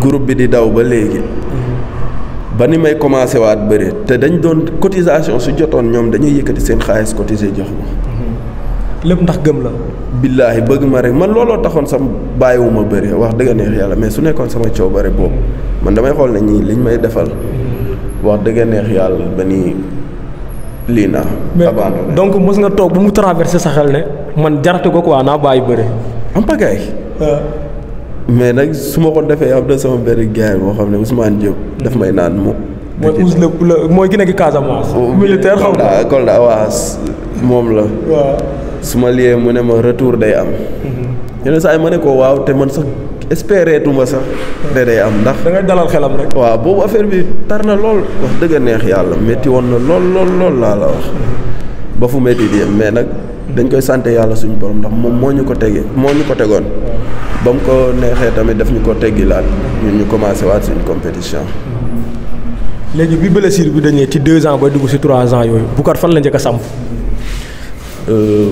S2: groupe bi di daw ba léegi.
S1: Mhm.
S2: ba ni may commencé waat bëri te dañ doon cotisation su jotoon ñoom dañuy yëkkati seen xaalis cotiser jox ma.
S1: Mhm. lépp ndax gëm la.
S2: billaahi bëgg ma rek man looloo taxoon sama bàyyiwuma bëri wax dëgg neex yàlla mais su nekkoon sama coobare boobu man damay xool ne ñii liñ may defal. Mhm. wax dëgg neex yàlla ba nii lii naa.
S1: abandonné donc mos nga toog ba mu traversé sa xel ne man jaratu ko quoi naa bàyyi bëre. am pagaay. Ah.
S2: mais nag su ma ko defee am na sama benn gars boo xam ne Ousmane Diop daf may naan moom.
S1: mooy Ousse la la mooy gi nekk
S2: Casamance. Oh, militaire xaw ma Kolda waa moom la. waaw su ma ne ma retour day am. Mhm. ne ko waaw te man sax. espérétuma sax ne day am ndax. da ngay xelam rek. waaw boobu affaire bi tar na lool wax dëgg neex yàlla métti woon na lool lool lool laa la wax ba fu métti di mais nag dañ koy sant yàlla suñu borom ndax moom moo ñu ko tegee moo ñu ko tegoon. ba mu ko neexee tamit daf ñu ko teggilaat laal ñu commencé waat suñu compétition.
S1: léegi bi blessure bi dañee ci deux ans ba duggu ci trois ans yooyu Boucar fan la njëkk a samp.
S2: Euh,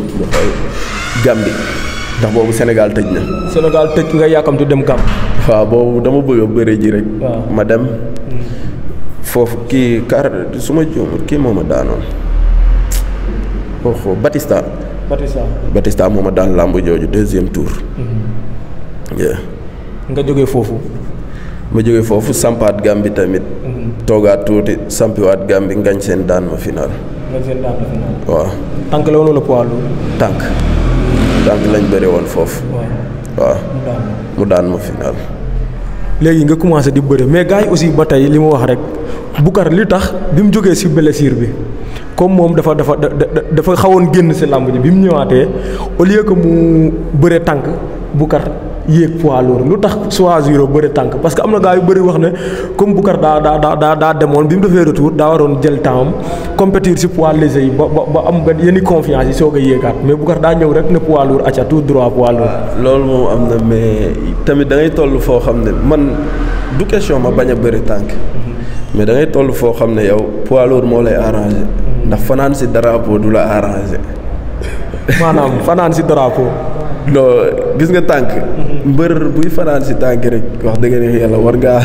S2: Gambie. ndax boobu Sénégal tëj na. Sénégal tëj nga yàkkamtu dem Gàmbi. waaw boobu dama bëgg bëre ji rek. ma dem. Hmm. foofu kii car su ma juumul kii moo ma daanoon. oh Batista. Batista Batista moo ma daan làmb jooju deuxième tour.
S1: Hmm. nga jógee foofu.
S2: ma jóge foofu sampaat Gàmbi tamit. Hmm. toogaat tuuti sampiwaat Gàmbi ngañ seen daan ma final. waaw.
S1: tànk la woon wala poids
S2: tànk. tànk lañ bëri woon foofu. waaw mu daan ma final.
S1: léegi nga commencé di bëri mais gaa yi aussi ba tey li mu wax rek Boucar li tax bi mu jógee si blessure bi comme moom dafa dafa dafa xawoon génn si làmb ji bi mu ñëwaatee au lieu que mu bëree tànk Boucar yéeg poids lourd lu tax choisir bëri tànk parce que am na gaa yu bëri wax ne comme Boucar daa daa daa daa demoon bi mu defee retour daa waroon jël temps am compétir si poids léger yi ba ba am benn yenn confiance yi soog a yéegaat mais Boucar daa ñëw rek ne
S2: poids lourd acca tout droit poids lourd. Ah, loolu moom am na mais tamit da toll foo xam ne man du question ma bañ a bëri tànk mais da ngay toll foo xam ne yow poids moo lay arrangé ndax fanaan si drapeau du la arrangé. maanaam fanaan si drapeau. nga tànk. Mhm. mbër buy fanaan si tànk rek wax dëgg ne yàlla war ngaa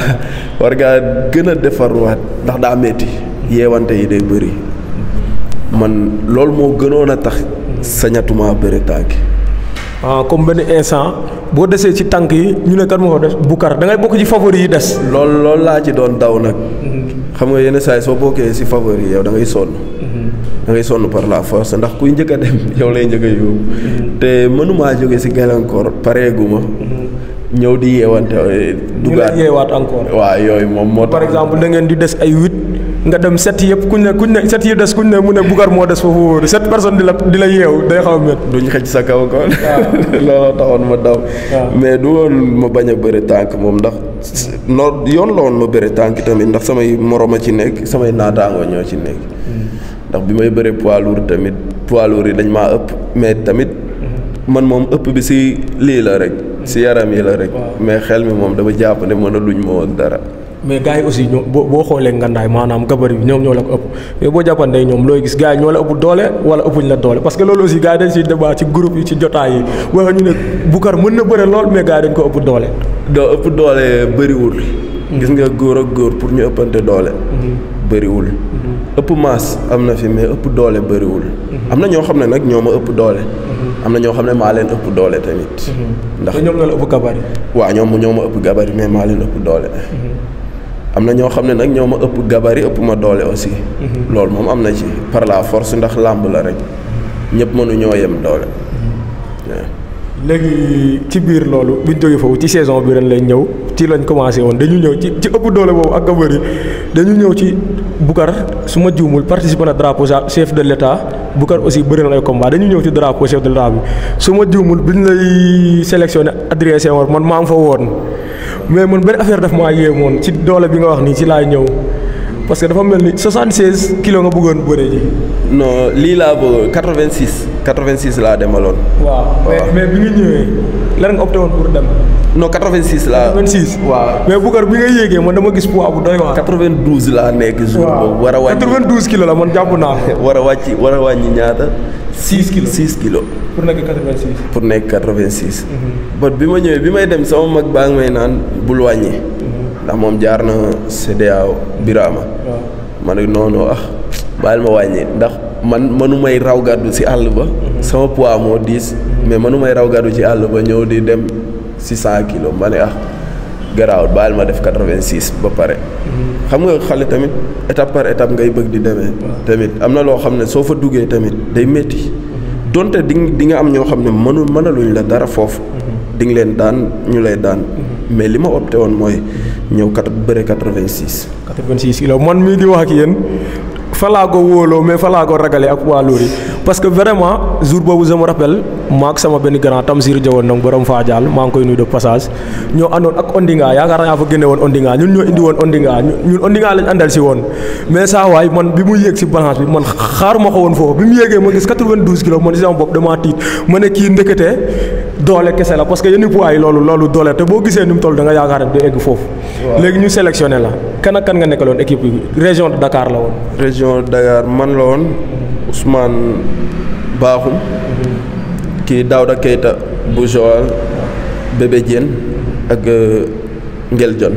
S2: war ngaa gën a defarwaat ndax daa metti yeewante yi day bëri man loolu moo gënoon a tax sañatuma bëri tànk
S1: ah comme benn instant boo desee ci tànk yi ñu ne moo ko def Boucar da ngay bokk ci favori yi
S2: des. lool lool laa ci doon daw nag. Mhm. xam nga yenn saa yi soo bokkee si favori yow da sonn. Mhm. ngay sonn par la force ndax kuy njëkk a dem yow lay njëkk a yóbbu mm-hmm. te mënuma jóge si gàllankoor pareeguma mm-hmm. ñëw di yeewante eh, dugaat yeewaat encore waaw yooyu moom moo par exemple da ngeen di des ay 8 nga dem 7 yëpp kuñ ne
S1: kuñ ne 7 yi des kuñ ne mu ne bugar moo des foofu wóoru 7 personne di la di la yeew day xaw met duñ xëcc sa kaw
S2: kon *laughs* looloo taxoon ma daw mais du woon ma bañ a bëri tànk moom ndax no yoon la woon ma bëri tànk tamit ndax samay moroma ci nekk samay naataangoo ñoo ci nekk ndax bi may bëree poids lourd tamit poids lourd yi dañ maa ëpp mais tamit mhm. man moom ëpp bi si lii la rek si mhm. yaram yi la rek mais xel mi moom dama jàpp ne mën a luñ ma woon dara
S1: mais gars yi aussi ñoo boo boo xoolee ngandaay maanaam gabarit bi ñoom ñoo la ko ëpp mais boo jàppandee ñoom looy gis gaa yi ñoo la ëpp doole wala ëppuñ la doole parce que loolu aussi gars yi dañ siy débat ci groupe yi ci jotaay yi waxa ñu ne Boucar mën na bëre lool mais gars yi dañ ko ëpp doole
S2: doo ëpp doole bëriwul mhm. gis nga góor ak góor pour ñu ëppante doole bëriwul. Mm-hmm. ëpp maas am na fi mais ëpp doole bëriwul. Mm-hmm. am na ñoo xam ne nag ñoo ma ëpp doole. Mm-hmm. am na ñoo xam ne maa leen ëpp doole tamit. ndax ñoom ñoo la ëpp gabari. waaw ñoom ñoo ma ëpp gabari mais maa leen ëpp doole. am na ñoo xam ne nag ñoo ma ëpp gabari ëpp ma doole aussi. loolu moom am na ci par la force ndax làmb la rek ñëpp mënu ñoo yem doole.
S1: léegi ci biir loolu bi ñu jógee foofu ci saison bi ren lay ñëw ci lañ commencé woon dañuy ñëw ci ci ëpp doole boobu ak gabar yi dañu ñëw ci Boucar su ma juumul participé na drapeau chef de l' état Boucar aussi bëri na ay combat dañu ñëw ci drapeau chef de l' état bi su ma juumul bi ñu lay sélectionné adressé woon man maa am fa woon mais man benn affaire daf maa yéemoon ci doole bi nga wax nii ci laay ñëw. parce que dafa mel ni 76 kilos nga bëggoon bëre ji.
S2: lii laa bëgg 86. 86 laa demaloon. waaw mais
S1: mais bi nga ñëwee lan nga opté pour dem.
S2: non 86 laa. 86 waaw. mais Boucar bi nga yéegee man dama gis poids bu doy waar. 92 laa nekk jour boobu. war a wàññi 92 kilos la man *laughs* war a wàññi ñaata. 6 kilos 6 kilos. pour nekk 86. pour nekk 86. Mhm. ba bi ma ñëwee bi may dem sama mag baa ngi may naan bul wàññi. ndax moom jaar na CEDEAO Birama ma ne noonu ah bàyyil ma wàññi ndax man mënu may raw gàddu si àll ba mhm. sama poids moo diis mais mënu may raw gàddu ci àll ba ñëw di dem six cent kilos ma ne ah garaawul bàyyil ma def quatre vingt ba pare mhm. xam nga xale tamit étape par étape ngay bëgg di demee tamit am na loo xam ne soo fa duggee tamit day métti mhm. donte di di nga am ñoo xam ne mënu mënaluñ la dara foofu di nga leen daan ñu lay daan. Mm-hmm. mais li ma opté woon mooy ñëw kat bëre 86. 86 kilos man mii di wax ak yéen fa
S1: ko wóoloo mais fa laa ko ragalee ak poids lourd yi parce que vraiment jour boobu je me rappelle maa ak sama benn grand Tamsir Jawoon donc woon Ondinga ñun woon Ondinga ñun Ondinga lañ àndal si woon mais ko woon foofu bi mu yéegee ma gis 92 kilos man si loolu loolu doole te boo gisee ni mu toll da nga yaakaar ne du egg foofu léegi ñu sélectionné la Kanakan kan nga nekkalon équipe région de Dakar
S2: la won région de Dakar man la won Ousmane Bahum, ki dawda Keita bu Joal Bébé Diène ak Ngel djon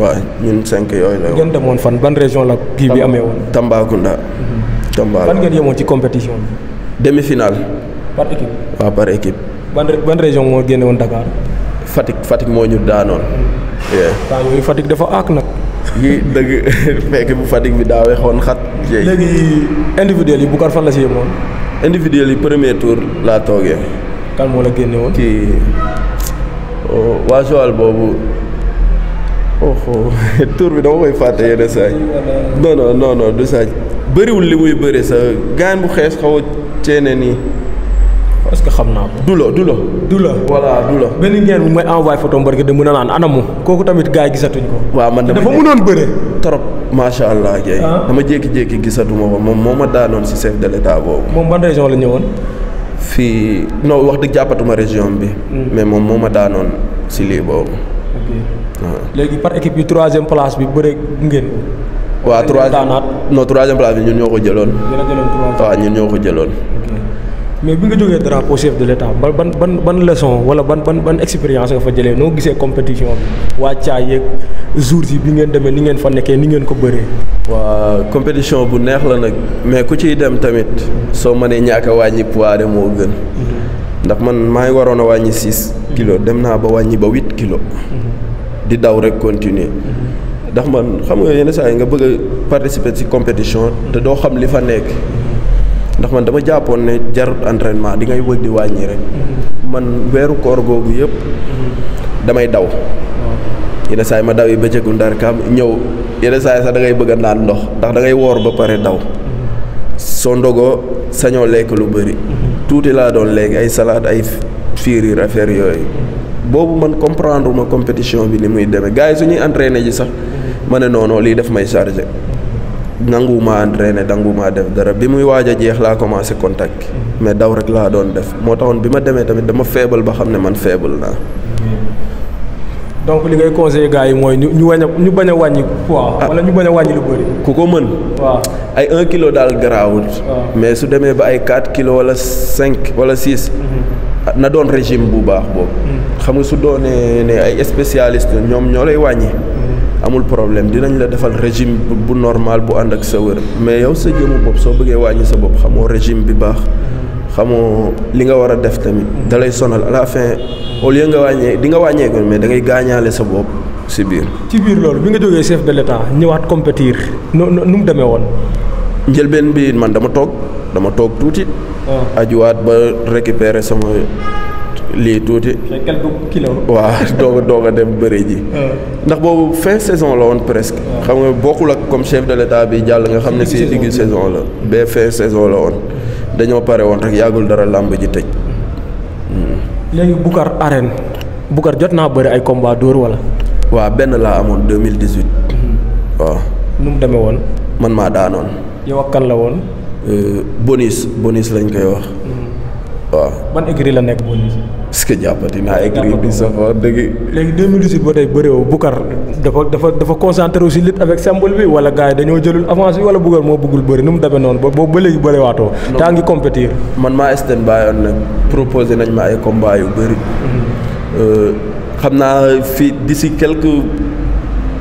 S2: wa ñun 5 yoy la ngeen demone fan ban région la ki bi amé won Tambacounda mhm. Tamba ban ngeen yemo ci compétition demi finale par équipe wa par équipe
S1: ban ban région mo génné won Dakar
S2: Fatik Fatik mo ñu daanon mhm. waaw yooyu Fatick dafa aak nag. yi dëgg *laughs* fekk bu Fatick bi daawee xoon xat. jeey léegi individuel yi Boucar fan la individuel yi premier tour laa toogee. kan ci oh, waa boobu. *laughs* tour bi dama koy fàtte yenn saa yi non non du saa bëriwul li muy bëri sa gaan bu xees xaw a ceene nii. est-ce que xamna
S1: dulu, dulu. dula voilà dula ben ngeen bu may envoyer photo mbarke de mëna lan anamu koku tamit
S2: gaay gisatuñ ko wa man dafa mënon beure trop masha Allah gay ah. dama jeki jeki gisatuma ko mom moma daanon ci chef de l'état bobu mom ban région la ñewon fi no wax deug jappatuma région bi hmm. mais mom moma daanon ci li bobu ok ah.
S1: légui par équipe yu 3e place bi beure ngeen
S2: wa 3e non 3e place bi ñun ñoko jëlone ñun ñoko jëlone
S1: mais bi nga jógee drapeau chef de l'état ba ban ban ban leçon wala ban ban ban expérience nga fa jëlee noo gisee compétition bi waa caa yeeg jours yi bi ngeen demee li ngeen fa nekkee ni ngeen ko bëree.
S2: waa compétition bu neex la nag mais ku ciy dem tamit soo mënee ñàkk a wàññi poids de moo gën.
S1: Mm-hmm.
S2: ndax man maa ngi waroon a wàññi six kilos dem naa ba wàññi ba huit kilos. Mm-hmm. di daw rek continuer. Mm-hmm. ndax man xam nga yenn saa yi nga bëgg a participer ci compétition te doo xam li fa nekk. ndax man dama jàppoon ne jarut entraînement di ngay wëj di wàññi rek man weeru koor googu yëpp damay daw yenn saa ma daw yi bëccëgu ndar kam ñëw yenn sax da ngay bëgg a naan ndox ndax da ngay woor ba pare daw soo ndogoo sañoo lekk lu bëri tuuti laa doon léegi ay salaat ay firiir affaire yooyu boobu man comprendre ma compétition bi ni muy demee gars yi su ñuy entraîné ji sax ma ne noonoo lii daf may chargé nanguwumaa entraîné nanguwumaa def dara bi muy waaj a jeex laa commencé contact mhm. mais daw rek laa doon def moo taxoon bi ma demee tamit dama feebal ba xam ne man faible naa.
S1: Mhm. donc li ngay conseillé gars yi mooy ñu ñu bañ a ñu bañ a wàññi poids. Ah. wala ñu bañ a wàññi lu ku ko mën.
S2: waaw ay 1 kilo daal garaawul. mais su demee ba ay 4 kilos wala cinq wala 6. Mhm. na doon régime bu baax boobu. xam nga su doonee ne ay spécialiste ñoom ñoo lay wàññi. amul problème dinañ la defal régime bu normal bu ànd ak sa wér mais yow sa jëmu bopp soo bëggee wàññi sa bopp xamoo régime bi baax xamoo li nga war a def tamit da lay sonal à la fin au lieu nga wàññee di nga wàññeeku mais da ngay gaañaale sa bopp si biir.
S1: ci biir loolu bi nga jógee chef de l'État ñëwaat compétir nu nu mu demee woon.
S2: njëlbeen bi man dama toog dama toog tuuti. Ah. ajuwaat ba récupérer sama. y a quelques kilos. Il y a a dem *laughs* ah. fin saison la presque. Ah. xam nga comme chef de l'État, bi nga saison la. fin saison la rek dara ji une hmm.
S1: fin Boucar arène Boucar ay combat là? wala. 2018. saison. Mhm. nu
S2: mu yow kan la euh, bonus bonus waaw man écurie la nekk boo est-ce que jàppati naa écurie bi sax wax dëgg. léegi 2018 ba tey bëreewoo Boucar
S1: dafa dafa dafa concentré aussi lutte avec symbole bi wala gars yi dañoo jëlul avance bi wala Boucar moo bëggul bëri nu
S2: mu demee noonu ba ba léegi bëriwaatoo. taa ngi compétir. man maa stand by on nag nañ ma ay combat yu bëri. Mm-hmm. Euh, xam naa fii d'ici quelques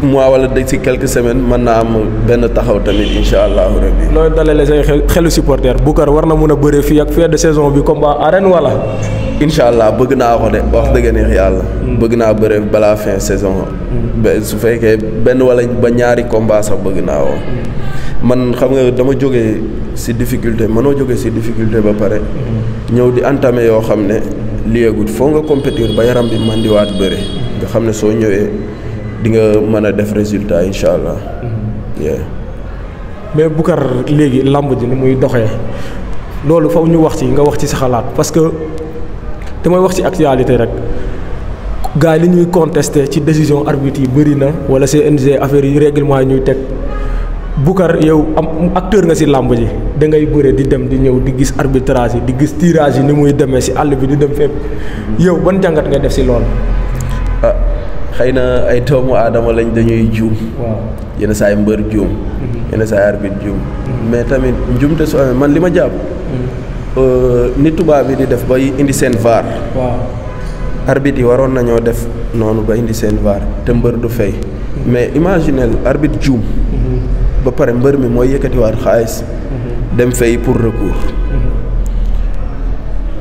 S2: mois wala de si quelques semaine mën naa am benn taxaw tamit incha allahu rabbi. looy dalalee say xelu supporter Boucar war na mun a bëre fii ak fin de saison bi combat arène wala. incha allah bëgg naa ko de wax dëgg neex yàlla. Mm. bëgg naa bëre balaa fin saison. Mm. su fekkee benn wala ba ñaari combat sax bëgg naa woo. Mm. man xam nga dama jógee si difficulté mënoo jógee si difficulté ba pare. ñëw di entamé yoo xam ne. liyeegut foo nga compétir ba yaram bi mandiwaat bëre. nga xam ne soo ñëwee. di nga mën a def résultat incha allah. Mm-hmm.
S1: mais Boucar léegi làmb ji ni muy doxee loolu faw ñu wax ci nga wax ci sa xalaat parce que may wax ci actualité rek gars yi li ñuy contesté ci décision arbitre yi bëri na wala CNG affaire yi réglement yi ñuy teg Boucar yow am acteur nga ci làmb ji da ngay bëre di dem di ñëw di gis arbitrage yi di gis tirage yi ni muy demee ci àll bi di dem
S2: fépp mm-hmm. yow ban jàngat nga def ci lool xëy na ay tawmu aadama lañ dañuy juum. yenn saa yi mbër juum. Mhm. yenn saa yi arbitre juum. Mhm. mais tamit njuumte su amee man li ma jàpp.
S1: Mhm.
S2: Euh, ni tubaab bi di def ba indi seen vaar. arbitre yi waroon nañoo def noonu ba indi seen vaar te mbër du fay. mais imaginez arbitre juum. ba pare mbër mi mooy yëkkatiwaat xaalis. dem fay pour recours.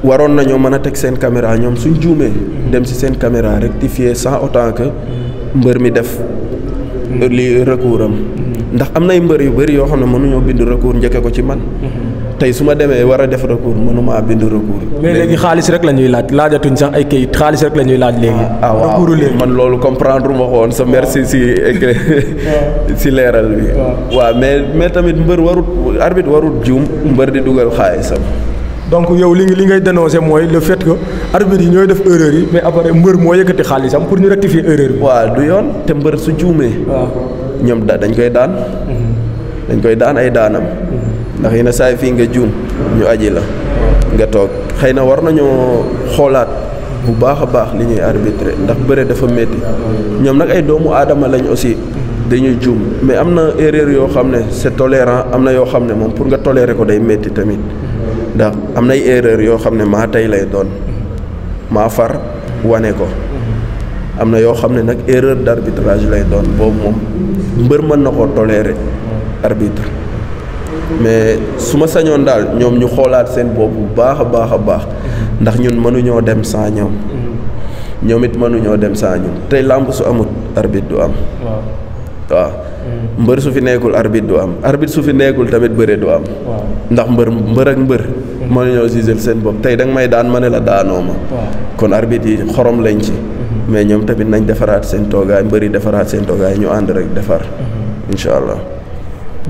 S2: waroon nañoo mën a teg seen caméra ñoom suñ juumee dem si seen caméra rectifier sans autant que mbër mi def li recours am ndax am nay mbër yu bëri yoo xam ne mënuñoo bind recours njëkke ko ci man tey su ma demee war a def recours mënumaa bind recours. mais léegi xaalis rek la ñuy
S1: laaj laajatuñ sax
S2: ay kayit xaalis rek la ñuy laaj léegi. ah, ah man loolu comprendre ma woon sa merci si *laughs* si leeral bi. waa mais mais tamit mbër warut arbitre warut juum. mbër di dugal xaalisam.
S1: donc yow li li ngay dénoncer moy le fait que arbitre ñoy def erreur yi mais après mbeur mo yëkëti xalissam pour ñu rectifier erreur bi wa du yoon té mbeur
S2: su ñom da dañ koy daan mhm. dañ koy daan ay daanam mhm. ndax yéen say fi nga juum ñu aji la nga tok xeyna na war nañu xolaat bu baaxa baax li ñuy arbitrer ndax bëre dafa metti ñom nak ay doomu adama lañ aussi dañuy juum mais amna erreur yo xamné c'est tolérant amna yo xamné mom pour nga tolérer ko day metti tamit mhm ndax am ay erreur yo xamne ne tay lay doon ma far wané ko am na xamne nak ne erreur d'arbitrage lay doon boobu mom mbeur man nako tolérer arbitre mais suma sañon dal ñom ñu xolaat seen bopp bu baaxa baax ndax ñun ñoo dem sa ñom ñomit mënu ñoo dem sa ñu tay lamb su amut arbitre du am
S1: waaw
S2: mm. mbeur su fi nekkul arbitre du am arbitre su fi nekkul tamit beure du am ndax mbeur mbeur ak mbeur mën nañoo jugé seen bopp tey da may daan ma ne la daanoo ma. kon arbitre yi xorom lañ ci. Mhm. mais ñoom tamit nañ defaraat seen toogaay mbëri defaraat seen toogaay ñu ànd rek defar. Mhm. incha allah.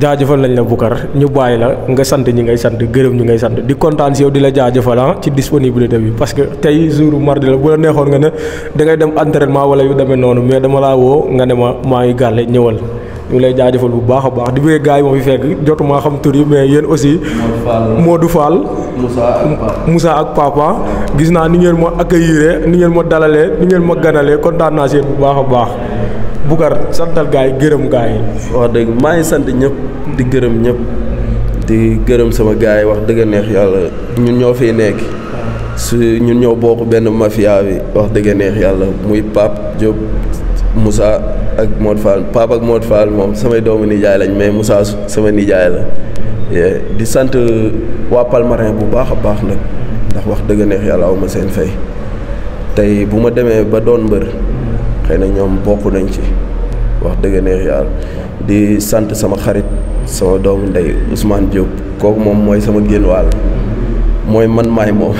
S2: jaajëfal nañ la Boucar ñu bàyyi
S1: la nga sant ñi ngay sant gërëm ñi ngay sant di kontaan si yow di la jaajëfal ah ci disponibilité bi parce que tey jour mardi la bu la neexoon nga ne dangay dem entraînement wala yu demee noonu mais dama laa woo nga ne ma maa ngi gàlle ñëwal. ñu lay jaajëfal bu baax a baax di bëgg gars yi ma fi fekk jotuma xam tur mais yéen aussi. Modou Fall musa ak Papa gis naa ni ngeen ma accueillir ni ngeen ma dalalee ni ngeen ma ganale kontaan naa seen bu baax a baax. Boucar
S2: santal gars yi gërëm gars yi. wax dëgg maa ngi sant ñëpp di gërëm ñëpp di gërëm sama gars yi wax dëgg neex yàlla ñun ñoo fi nekk. su ñun ñoo booku benn mafia bi wax dëgg neex yàlla muy Pape Diop Moussa. ak Modou Fall Pape ak moot Fall moom samay doomu nijaay lañ mais Moussa sama nijaay la di sant wàppal marin bu baax a baax nag ndax wax dëgg neex yàlla aw ma seen fay tey bu ma demee ba doon mbër xëy na ñoom bokk nañ ci wax dëgg neex yàlla di sant sama xarit sama doomu ndey Ousmane Diop kooku moom mooy sama génn wàll mooy man maay moom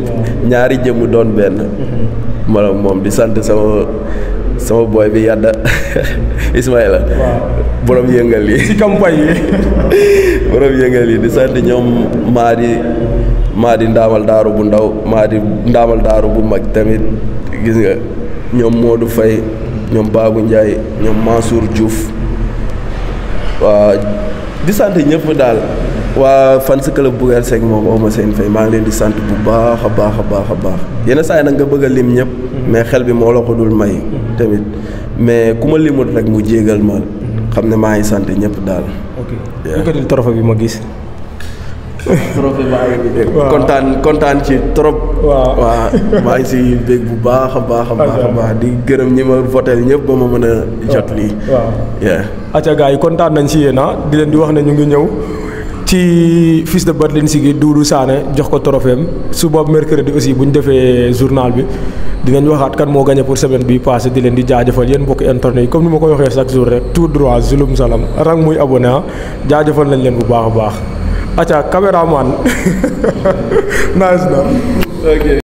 S2: *laughs* ñaari jëmm doon benn. Mm-hmm. moom di sant sama. sama booy bi yàdda *laughs* Ismaïla borom yëngal yi si campagne yi *laughs* borom yëngal yi di sant ñoom Maadi Maadi ndaamal daaru bu ndaw Maadi ndaamal daaru bu mag tamit gis nga ñoom Modou Faye ñoom Babou Ndiaye ñoom Mansour Diouf waa di sant ñëpp daal wa fan sa club Bougane Seck moom aw ma seen fay ma ngi len di sante bu baakha baakha baakha a baax a baax yenn nga bëgg lim ñep mais xel bi mo la ko dul may tamit mais kuma limut rek mu jéegal ma xam ne maa ngi sant ñëpp daal. ok dul trophée bi ma gis. trophée ba ay bi de. contane contane ci trop. wa ma ngi ci bëgg bu baakha baakha baakha baax di gërëm ñima ma votel ñëpp ba ma mëna jot li wa ya,
S1: acha gaay contane nañ ci yena ah. di len di wax ne ñu ngi ñëw. ci fils de Badlin Sigui Doudou Sané jox ko trophée am su boobu mercredi aussi bu ñu defee journal bi dinañ waxaat kan moo gagné pour semaine bi passé di leen di jaajafal yéen mbokki internet yi comme ni ma koy waxee chaque jour rek tout droit zulum salam rang muy abonné ah jaajëfal nañ leen bu baax a baax. acca caméraman *laughs*
S2: nice na.